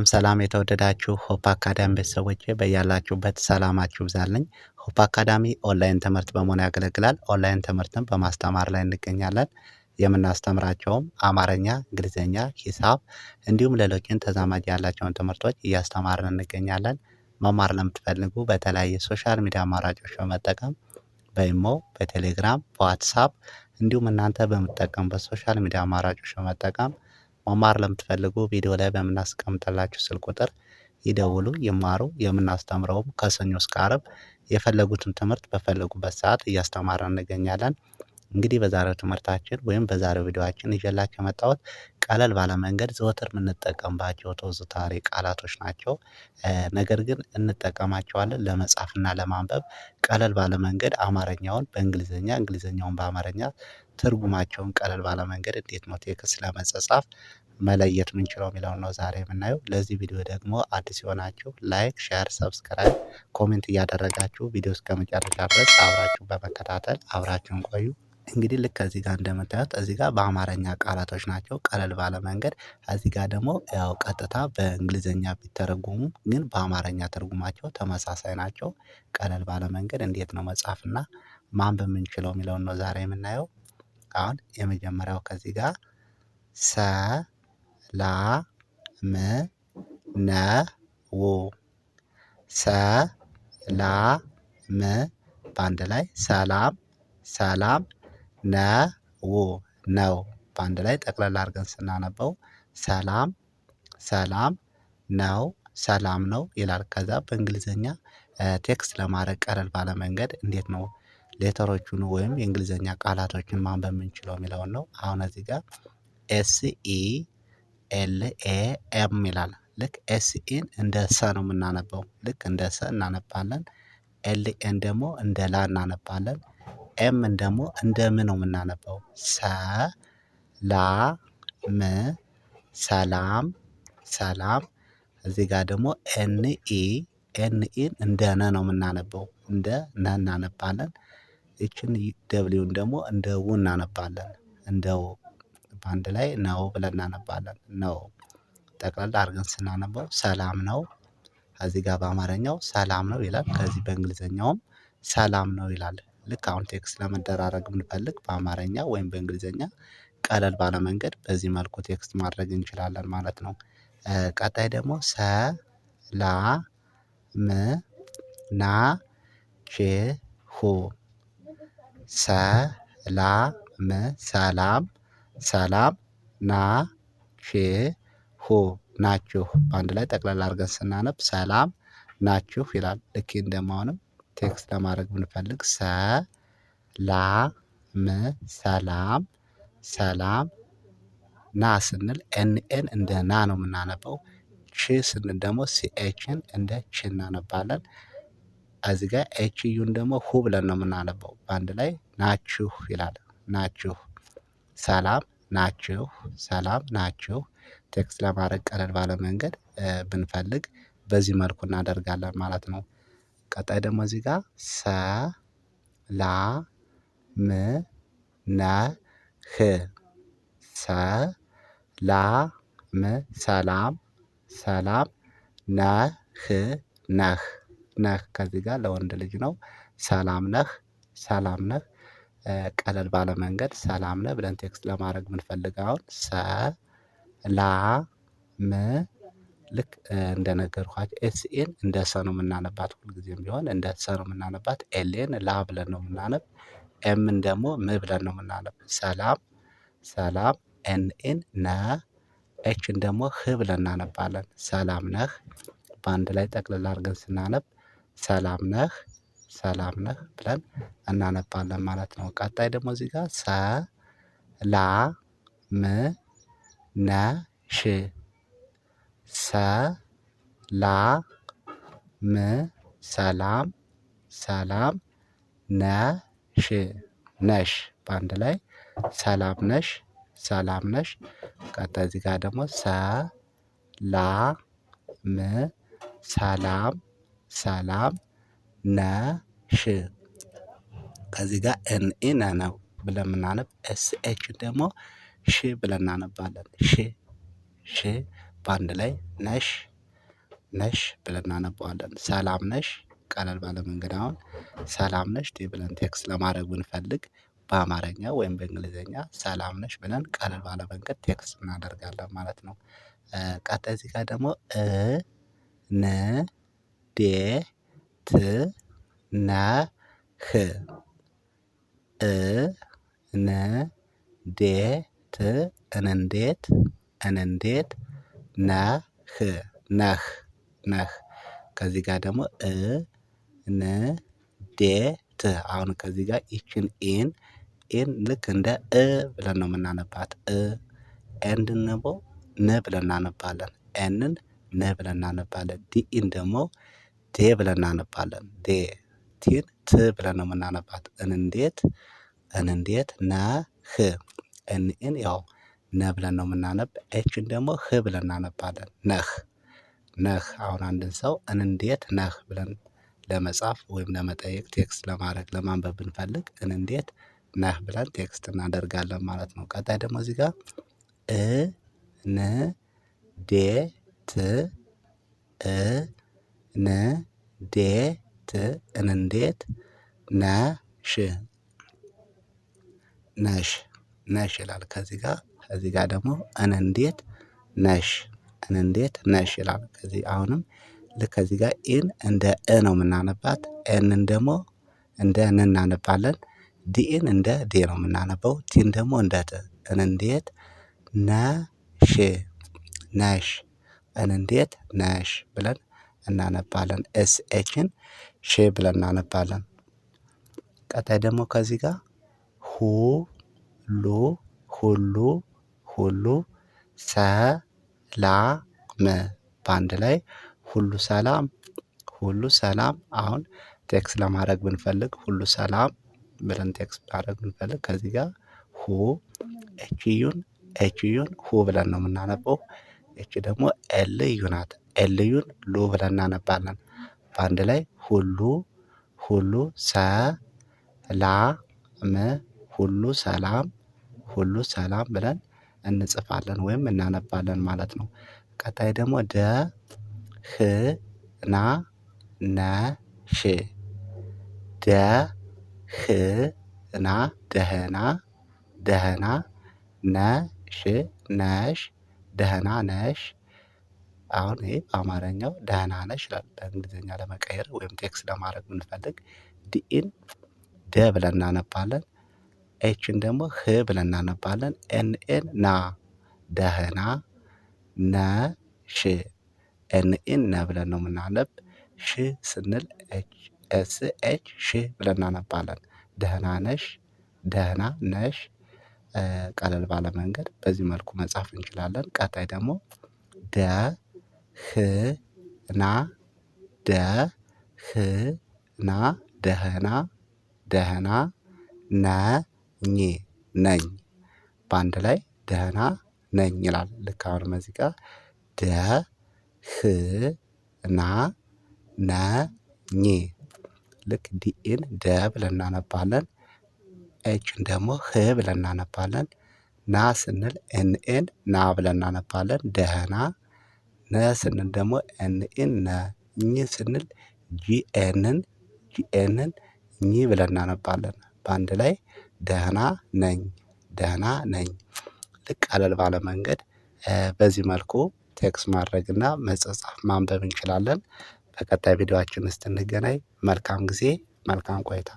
ሰላም ሰላም የተወደዳችሁ ሆፕ አካዳሚ ቤተሰቦች በያላችሁበት ሰላማችሁ ብዛለኝ። ሆፕ አካዳሚ ኦንላይን ትምህርት በመሆን ያገለግላል። ኦንላይን ትምህርትን በማስተማር ላይ እንገኛለን። የምናስተምራቸውም አማርኛ፣ እንግሊዝኛ፣ ሂሳብ እንዲሁም ሌሎችን ተዛማጅ ያላቸውን ትምህርቶች እያስተማርን እንገኛለን። መማር ለምትፈልጉ በተለያየ ሶሻል ሚዲያ አማራጮች በመጠቀም በኢሞ፣ በቴሌግራም፣ በዋትሳፕ እንዲሁም እናንተ በምትጠቀሙበት ሶሻል ሚዲያ አማራጮች በመጠቀም መማር ለምትፈልጉ ቪዲዮ ላይ በምናስቀምጠላችሁ ስልክ ቁጥር ይደውሉ፣ ይማሩ። የምናስተምረውም ከሰኞ እስከ አረብ የፈለጉትን ትምህርት በፈለጉበት ሰዓት እያስተማረን እንገኛለን። እንግዲህ በዛሬው ትምህርታችን ወይም በዛሬው ቪዲዮችን ይዤላችሁ የመጣሁት ቀለል ባለ መንገድ ዘወትር የምንጠቀምባቸው ተውዝታሪ ቃላቶች ናቸው። ነገር ግን እንጠቀማቸዋለን ለመጻፍና ለማንበብ ቀለል ባለ መንገድ አማርኛውን በእንግሊዝኛ እንግሊዝኛውን በአማርኛ ትርጉማቸውን ቀለል ባለ መንገድ እንዴት ነው ቴክስት ለመጻጻፍ መለየት የምንችለው የሚለውን ነው ዛሬ የምናየው። ለዚህ ቪዲዮ ደግሞ አዲስ የሆናችሁ ላይክ፣ ሼር፣ ሰብስክራይብ፣ ኮሜንት እያደረጋችሁ ቪዲዮ እስከመጨረሻ ድረስ አብራችሁ በመከታተል አብራችሁን ቆዩ። እንግዲህ ልክ ከዚህ ጋር እንደምታዩት እዚህ ጋር በአማርኛ ቃላቶች ናቸው ቀለል ባለ መንገድ። እዚህ ጋር ደግሞ ያው ቀጥታ በእንግሊዝኛ ቢተረጉሙ ግን በአማርኛ ትርጉማቸው ተመሳሳይ ናቸው። ቀለል ባለ መንገድ እንዴት ነው መጻፍና ማንበብ የምንችለው የሚለውን ነው ዛሬ የምናየው። አሁን የመጀመሪያው ከዚህ ጋር ሰ ላ ም ነ ው ሰ ላ ም በአንድ ላይ ሰላም ሰላም ነ ው ነው በአንድ ላይ ጠቅላላ አድርገን ስናነበው ሰላም ሰላም ነው ሰላም ነው ይላል። ከዛ በእንግሊዘኛ ቴክስት ለማድረግ ቀለል ባለ መንገድ እንዴት ነው ሌተሮቹን ወይም የእንግሊዘኛ ቃላቶችን ማንበብ የምንችለው የሚለውን ነው። አሁን እዚህ ጋር ኤስ ኢ ኤል ኤ ኤም ይላል ልክ ኤስኢን እንደ ሰ ነው የምናነበው ልክ እንደ ሰ እናነባለን። ኤል ኤን ደግሞ እንደ ላ እናነባለን። ኤምን ደግሞ እንደ ም ነው የምናነበው ሰ ላ ም ሰላም ሰላም። እዚህ ጋር ደግሞ ኤን ኢ ኢን እንደ ነ ነው የምናነበው እንደ ነ እናነባለን። ይችን ደብሊውን ደግሞ እንደ ው እናነባለን እንደ ው በአንድ ላይ ነው ብለን እናነባለን ነው ጠቅለል አድርገን ስናነበው ሰላም ነው። ከዚህ ጋር በአማርኛው ሰላም ነው ይላል ከዚህ በእንግሊዘኛውም ሰላም ነው ይላል ልክ አሁን ቴክስት ለመደራረግ ብንፈልግ በአማርኛ ወይም በእንግሊዘኛ ቀለል ባለ መንገድ በዚህ መልኩ ቴክስት ማድረግ እንችላለን ማለት ነው። ቀጣይ ደግሞ ሰ ላ ም ና ቼ ሁ ሰላም ሰላም ሰላም ና ሼ ሁ ናችሁ በአንድ ላይ ጠቅላላ አድርገን ስናነብ ሰላም ናችሁ ይላል። ልክ እንደማሆንም ቴክስት ለማድረግ ብንፈልግ ሰ ላ ም ሰላም ሰላም ና ስንል ኤንኤን እንደ ና ነው የምናነበው። ቺ ስንል ደግሞ ሲኤችን እንደ ች እናነባለን። እዚህ ጋ ኤችዩን ደግሞ ሁ ብለን ነው የምናነበው። በአንድ ላይ ናችሁ ይላል ናችሁ ሰላም ናችሁ ሰላም ናችሁ ቴክስት ለማድረግ ቀለል ባለ መንገድ ብንፈልግ በዚህ መልኩ እናደርጋለን ማለት ነው። ቀጣይ ደግሞ እዚህ ጋር ሰ ላ ም ነህ ሰ ላ ም ሰላም ሰላም ነህ ነህ ነህ ከዚህ ጋር ለወንድ ልጅ ነው። ሰላም ነህ ሰላም ነህ ቀለል ባለ መንገድ ሰላም ነህ ብለን ቴክስት ለማድረግ ብንፈልግ አሁን ሰ ላ ም ልክ እንደነገርኳችሁ ኤስኤን እንደ ሰ ነው የምናነባት ሁልጊዜም ቢሆን እንደ ሰ ነው የምናነባት ኤሌን ላ ብለን ነው የምናነብ ኤምን ደግሞ ም ብለን ነው የምናነብ ሰላም ሰላም ኤንኤን ነ ኤችን ደግሞ ህ ብለን እናነባለን ሰላም ነህ በአንድ ላይ ጠቅልላ አድርገን ስናነብ ሰላም ነህ ሰላም ነህ ብለን እናነባለን ማለት ነው። ቀጣይ ደግሞ እዚህ ጋር ሰ ላ ም ነ ሽ ሰ ላ ም ሰላም ሰላም ነ ሽ ነሽ በአንድ ላይ ሰላም ነሽ ሰላም ነሽ። ቀጣይ እዚህ ጋር ደግሞ ሰ ላ ም ሰላም ሰላም ነሽ ከዚህ ጋር እኔና ነው ብለን የምናነብ ኤስ ኤች ደግሞ ሽ ብለን እናነባለን። ሽ ሽ በአንድ ላይ ነሽ ነሽ ብለን እናነባዋለን። ሰላም ነሽ ቀለል ባለ መንገድ አሁን ሰላም ነሽ ብለን ቴክስት ለማድረግ ብንፈልግ በአማርኛ ወይም በእንግሊዝኛ ሰላም ነሽ ብለን ቀለል ባለ መንገድ ቴክስት እናደርጋለን ማለት ነው። ቀጣይ እዚህ ጋር ደግሞ እ ን ዴ ት ና ህ እ ን ዴ ት እንንዴት እንንዴት ና ህ ናህ ናህ ከዚህ ጋር ደግሞ እ ን ዴ ት አሁን ከዚህ ጋር ይቺን ኤን ኤን ልክ እንደ እ ብለን ነው የምናነባት እ ኤንድን ደግሞ ን ብለን እናነባለን ኤንን ን ብለን እናነባለን ዲኢን ደግሞ ዴ ብለን እናነባለን ዴ ቲን ት ብለን ነው የምናነባት እንዴት እንዴት ነህ እንን ያው ነ ብለን ነው የምናነብ ኤችን ደግሞ ህ ብለን እናነባለን ነህ ነህ አሁን አንድን ሰው እንዴት ነህ ብለን ለመጻፍ ወይም ለመጠየቅ ቴክስት ለማድረግ ለማንበብ ብንፈልግ እንዴት ነህ ብለን ቴክስት እናደርጋለን ማለት ነው። ቀጣይ ደግሞ እዚህ ጋር እ ን ዴ ት እ እንንዴት እንዴት ነሽ ነሽ ነሽ ይላል ከዚህ ጋር ከዚህ ጋር ደግሞ እንንዴት ነሽ እንንዴት ነሽ ይላል ከዚህ አሁንም ልክ ከዚህ ጋር ኢን እንደ እ ነው የምናነባት ኤንን ደግሞ እንደ ን እናነባለን ዲኢን እንደ ዴ ነው የምናነበው ቲን ደግሞ እንደ ት እንዴት ነሽ ነሽ እንንዴት ነሽ ብለን እናነባለን ኤስ ኤችን ሼ ብለን እናነባለን። ቀጣይ ደግሞ ከዚህ ጋር ሁ ሉ ሁሉ ሁሉ ሰላም በአንድ ላይ ሁሉ ሰላም ሁሉ ሰላም። አሁን ቴክስት ለማድረግ ብንፈልግ ሁሉ ሰላም ብለን ቴክስት ማድረግ ብንፈልግ ከዚህ ጋር ሁ ኤችዩን ኤችዩን ሁ ብለን ነው የምናነበው። እች ደግሞ ኤል ዩ ናት ኤልዩን ሉ ብለን እናነባለን። በአንድ ላይ ሁሉ ሁሉ ሰላም ሁሉ ሰላም ሁሉ ሰላም ብለን እንጽፋለን ወይም እናነባለን ማለት ነው። ቀጣይ ደግሞ ደ ህ ና ነ ሽ ደ ህ ና ደህና ደህና ነሽ ነሽ ደህና ነሽ አሁን ይሄ በአማርኛው ደህና ነሽ ይላል በእንግሊዘኛ ለመቀየር ወይም ቴክስት ለማድረግ ብንፈልግ ዲኢን ደ ብለን እናነባለን ኤችን ደግሞ ህ ብለን እናነባለን ኤንኤን ና ደህና ነ ሽ ኤንኤን ነ ብለን ነው የምናነብ ሽ ስንል ኤስ ኤች ሽ ብለን እናነባለን ደህና ነሽ ደህና ነሽ ቀለል ባለ መንገድ በዚህ መልኩ መጻፍ እንችላለን ቀጣይ ደግሞ ደ ህ ና ደ ህ ና ደህና ደህና ነ ኝ ነኝ በአንድ ላይ ደህና ነኝ ይላል። ልክ አሁንም ደ ህ ና ነ ኝ ልክ ዲኢን ደ ብለን እናነባለን። ኤችን ደግሞ ህ ብለን እናነባለን። ና ስንል ኤንኤን ና ብለን እናነባለን። ደህና ነ ስንል ደግሞ ኤንኢን ነ ኝ ስንል ጂኤንን ጂኤንን ኝ ብለን እናነባለን። በአንድ ላይ ደህና ነኝ ደህና ነኝ። ልቅ ቀለል ባለ መንገድ በዚህ መልኩ ቴክስት ማድረግና መጻጻፍ ማንበብ እንችላለን። በቀጣይ ቪዲዮችን እስክንገናኝ መልካም ጊዜ መልካም ቆይታ